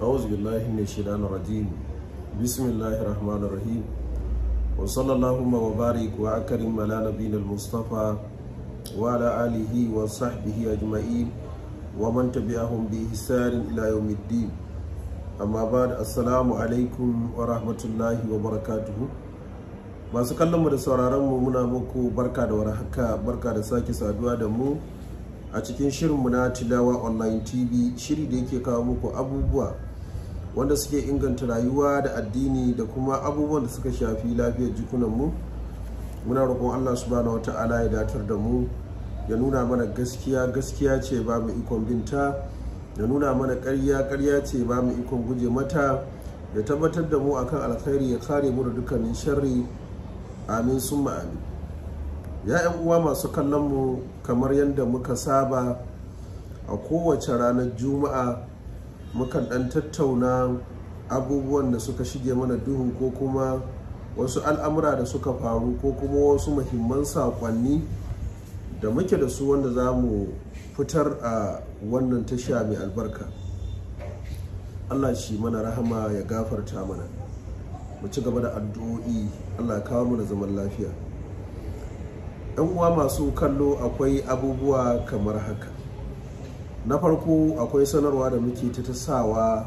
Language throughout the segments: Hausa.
أعوذ بالله من الشيطان الرجيم بسم الله الرحمن الرحيم وصلى اللهم وبارك وأكرم على نبينا المصطفى وعلى آله وصحبه أجمعين ومن تبعهم بإحسان إلى يوم الدين amma ba da assalamu alaikum wa rahmatullahi wa barakatuhu masu kallonmu da mu muna muku barka da warhaka barka da sake saduwa da mu a cikin mu na tilawa online tv shiri da yake kawo muku abubuwa wanda suke inganta rayuwa da addini da kuma abubuwan da suka shafi lafiyar jikunanmu muna roƙon allah subhanahu wata'ala ya datar da mu ya nuna mana gaskiya gaskiya ce ba mu ikon binta ya nuna mana ƙarya ƙarya ce ba mu ikon guje mata ya tabbatar da mu akan alkhairi ya kare mu da dukkanin sharri amin sun amin ya yan uwa masu kallon mu kamar yadda muka saba a kowace ranar juma'a mukan ɗan tattauna abubuwan da suka shige mana duhu ko kuma wasu al'amura da suka faru ko kuma wasu muhimman saƙonni da muke da su wanda za mu fitar a wannan tasha mai albarka allah shi mana rahama ya gafarta mana mu ci gaba da addu'o'i allah kawo mana zaman lafiya 'yan uwa masu kallo akwai abubuwa kamar haka na farko akwai sanarwa da muke ta tasawa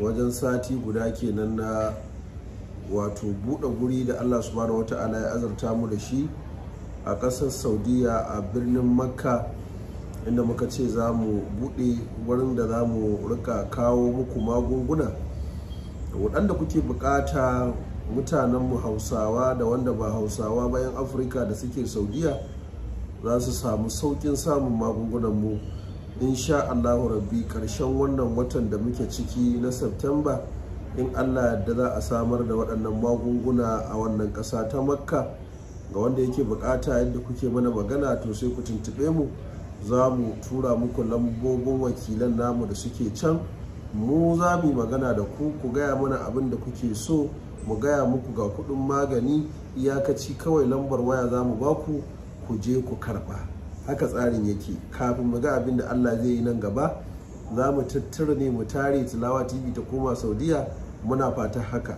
wajen sati guda kenan na wato buɗe guri da allah subhanahu wata'ala ya azarta mu da shi a ƙasar saudiya a birnin makka inda muka ce za mu buɗe wurin da za mu rika kawo muku magunguna waɗanda kuke buƙata mu hausawa da wanda ba hausawa bayan afirka da suke saudiya za su samu sauƙin samun magungunan mu insha allahu rabbi karshen wannan watan da muke ciki na september in allah da za a samar da waɗannan magunguna a wannan ƙasa ta makka ga wanda yake bukata yadda kuke mana magana to sai ku tuntuɓe mu za mu tura muku lambobin wakilan namu da suke can mu za mu magana da ku ku gaya mana abin da kuke so mu gaya muku ga kuɗin magani iyakaci kawai lambar waya za mu baku ku je ku karɓa haka tsarin yake kafin mu ga abin da Allah zai yi nan gaba za mu tattara ne mu tare tilawa tv ta koma saudiya muna fata haka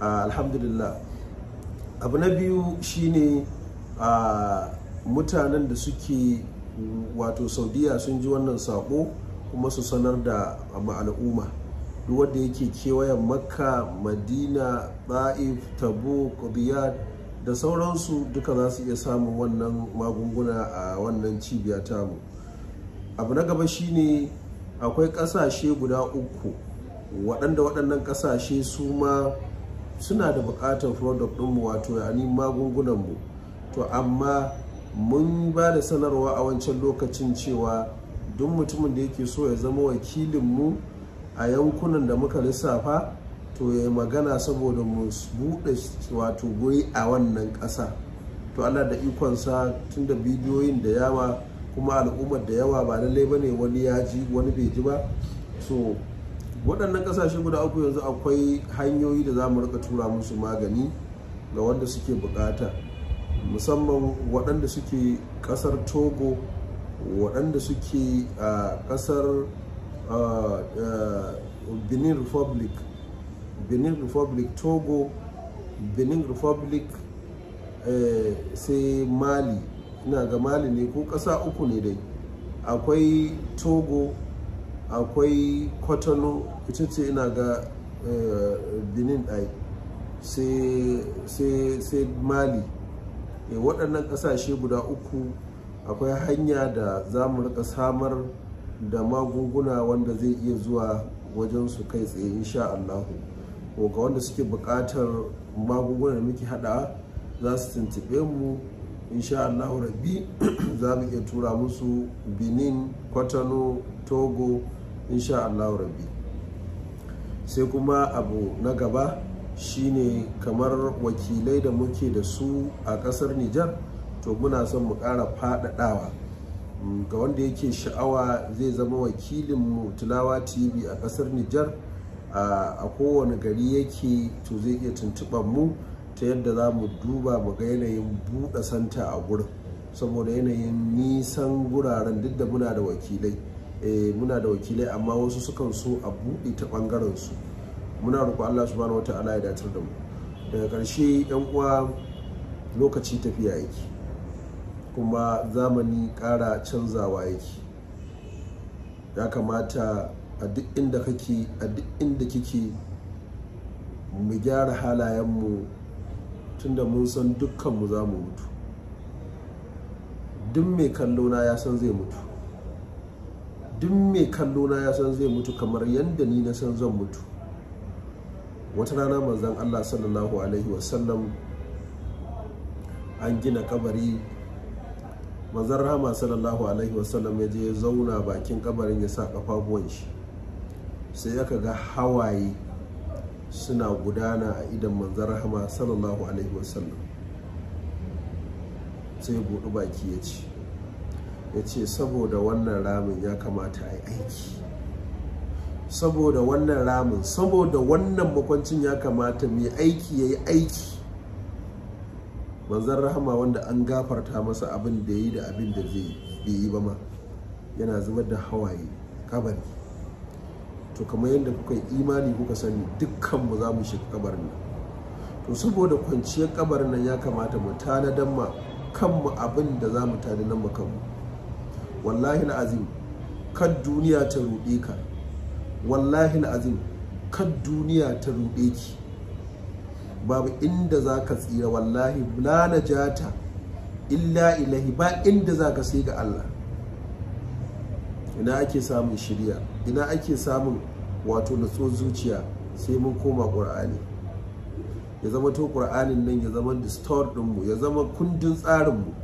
alhamdulillah abu na biyu shine mutanen da suke wato saudiya sun ji wannan sako kuma su sanar da al'umma duk wanda yake kewayen makka madina ba'if tabo riyadh da sauransu duka za su iya samun wannan magunguna a wannan cibiya mu. abu na gaba shine akwai ƙasashe guda uku waɗanda waɗannan ƙasashe su ma suna da buƙatar product ɗinmu wato yani magungunan mu to amma mun ba da sanarwa a wancan lokacin cewa duk mutumin da yake so ya zama wakilin mu a yankunan da muka lissafa to ya magana saboda mu buɗe wato goyi a wannan ƙasa to allah da ikonsa tun da bidiyoyin da yawa kuma al'ummar da yawa ba lallai ba ne wani ya ji wani bai ji ba so waɗannan ƙasashe guda uku yanzu akwai hanyoyi da za mu rika tura musu magani ga wanda suke buƙata musamman waɗanda suke ƙasar togo waɗanda suke a ah, ƙasar ah, ah, benin republic benin republic togo benin republic eh, sai mali ina ga mali ne ko ƙasa uku ne dai akwai togo akwai kwatano ita ce ina ga eh, benin ai sai mali eh, waɗannan ƙasashe guda uku akwai hanya da za mu rika samar da magunguna wanda zai iya zuwa wajen su kai tsaye insha Allahu. ko ga wanda suke bukatar magunguna da muke hada za su tuntube mu insha Allah rabi za mu iya tura musu benin kwatano togo insha Allah rabi sai kuma abu na gaba shine kamar wakilai da muke da su a kasar nijar to muna son mu ƙara faɗaɗawa mm, ga wanda yake sha'awa zai zama wakilin mu tilawa tv a kasar nijar a kowane gari yake to zai iya tuntuɓar mu ta yadda za mu duba mu ga yanayin buɗe santa a gurin saboda yanayin nisan guraren duk da muna da wakilai eh, muna da wakilai amma wasu sukan so a buɗe ta ɓangaren su muna roƙo Allah subhanahu wata'ala ya datar da mu daga ƙarshe ɗan uwa lokaci tafiya yake kuma zamani ƙara canzawa yake ya kamata a duk inda kake a duk inda kike mu gyara halayenmu tunda mun san dukkanmu za mu mutu duk mai kallona ya san zai mutu duk mai kallona ya san zai mutu kamar yadda ni na san zan mutu wata rana manzan allah sallallahu alaihi wasallam an gina kabari manzan rama sallallahu alaihi wasallam ya je ya zauna bakin kabarin ya sa kafafuwan shi sai aka ga hawaye suna gudana a idan manzan rahama sallallahu alaihi wasallam sai buɗi baki ya ce ya ce saboda wannan ramin ya kamata a yi aiki saboda wannan ramin saboda wannan makwancin ya kamata mai aiki ya yi aiki manzan rahama wanda an gafarta masa abin da ya yi da abin da zai yi ba ma yana zubar da hawaye kabari to kamar yadda kuka yi imani kuka sani dukkan mu za mu shiga kabarin nan to saboda kwanciyar kabarin nan ya kamata mu tanadan ma kanmu abin da za mu tanadan mu kanmu wallahi azim kan duniya ta ruɗe ka wallahi azim kan duniya ta ruɗe ki babu inda za ka tsira wallahi la najata illa ilahi ba inda za ka sai ga Allah ina ake samun shirya ina ake samun wato na zuciya sai mun koma ƙur'ani ya zama to ƙur'anin nan ya zama ɗin ɗinmu ya zama kundin tsarinmu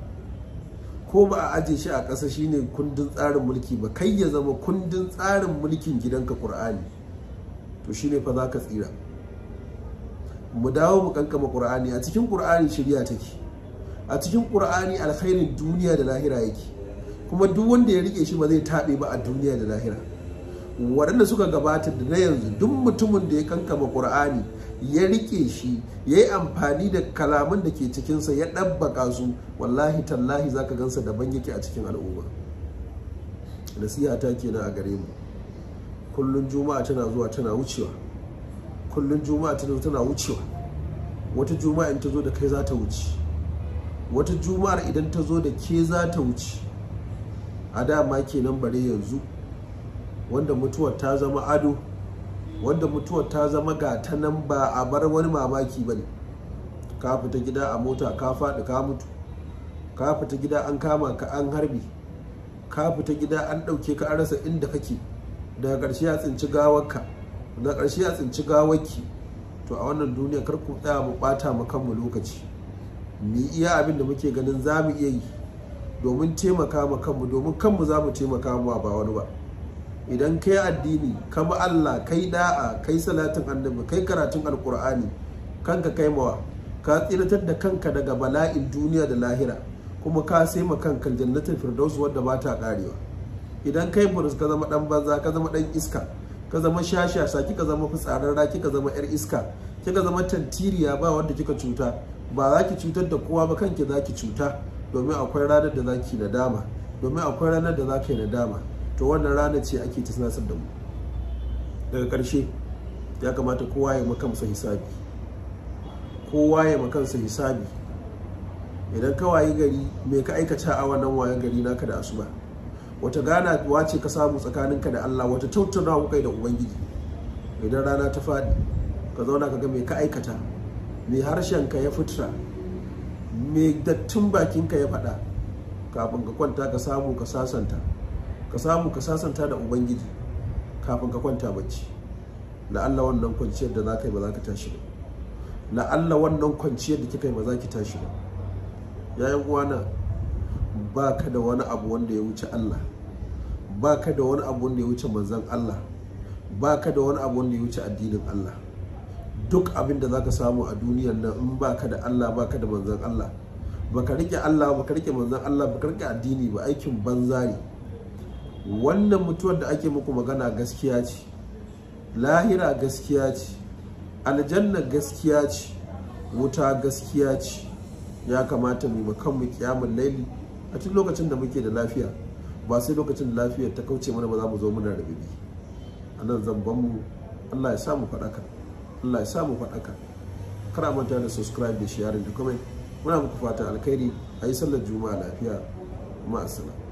ko ba a aje shi a ƙasa shine kundin tsarin mulki ba kai ya zama kundin tsarin mulkin gidanka ƙur'ani to shine fa za ka tsira mu dawo mu kankama ƙur'ani a cikin ƙur'ani shirya take a cikin ƙur'ani alkhairin duniya da lahira yake kuma duk wanda ya rike shi ba zai taɓe ba a duniya da lahira waɗanda suka gabata da na yanzu duk mutumin da ya kankama ƙur'ani ya rike shi ya yi amfani da kalaman da ke cikinsa ya ɗabbaka su wallahi tallahi za ka gansa daban yake a cikin al'umma nasiha ta kenan a gare mu kullum juma'a tana zuwa tana wucewa kullum juma'a tana tana wucewa wata juma'a in ta zo da kai za ta wuce wata juma'ar idan ta zo da ke za ta wuce a da dama kenan bare yanzu wanda mutuwar ta zama ado wanda mutuwar ta zama gata nan ba a bar wani mamaki ba ne ka fita gida a mota ka faɗi ka mutu ka fita gida an kama ka an harbi ka fita gida an ɗauke ka an rasa inda kake daga ƙarshe ya tsinci gawarka na ƙarshe ya tsinci gawarki to a wannan duniya kar ku tsaya mu ɓata mu kanmu lokaci mu iya abin da muke ganin za mu iya yi domin taimaka ma kanmu domin kanmu za mu taimaka ma ba wani ba idan kai addini ka bi Allah kai da'a kai salatin annabi kai karatun alkur'ani kanka kai mawa ka tsiratar da kanka daga bala'in duniya da lahira kuma ka sai ma kanka jannatin firdaus wadda ba ta karewa idan kai burus ka zama dan banza ka zama dan iska ka zama shasha kika zama fitsararra kika zama yar iska kika zama tantiriya ba wanda kika cuta ba za ki cutar da kowa ba kanki za ki cuta domin akwai ranar da za ki nadama domin akwai ranar da za ka nadama to wannan rana ce ake sanasar da mu daga karshe ya kamata kowa ya makamsa hisabi kowa ya makamsa hisabi idan ka wayi gari me ka aikata a wannan wayan gari naka da asuba wata gana wace ka samu tsakaninka da Allah wata tattaunawa kai da ubangiji idan rana ta faɗi ka zauna ka ga me ka aikata me harshen ka ya fitra mai dattin bakinka ya faɗa kafin ka kwanta ka samu ka sasanta ka samu ka sasanta da ubangiji kafin ka kwanta bacci la'alla wannan kwanciyar da za ka yi ba za ka tashi ba la'alla wannan kwanciyar da kika yi ba za ki tashi ba yayin uwana ba ka da wani abu wanda ya wuce Allah ba ka da wani abu wanda ya wuce manzon Allah ba ka da wani abu wanda ya wuce addinin Allah duk abin da zaka samu a duniyar nan in baka da Allah baka da manzon Allah baka rike Allah baka rike manzon Allah baka rike addini ba aikin banza ne wannan mutuwar da ake muku magana gaskiya ce lahira gaskiya ce aljanna gaskiya ce wuta gaskiya ce ya kamata mu makan mu kiyamun laili a cikin lokacin da muke da lafiya ba sai lokacin da lafiyar ta kauce mana ba za mu zo muna rabibi anan zan mu Allah ya samu faɗaka Allah ya samu faɗaka kar manta da subscribe da share da comment muna muku fata alkhairi a yi sallar juma'a lafiya ma'asala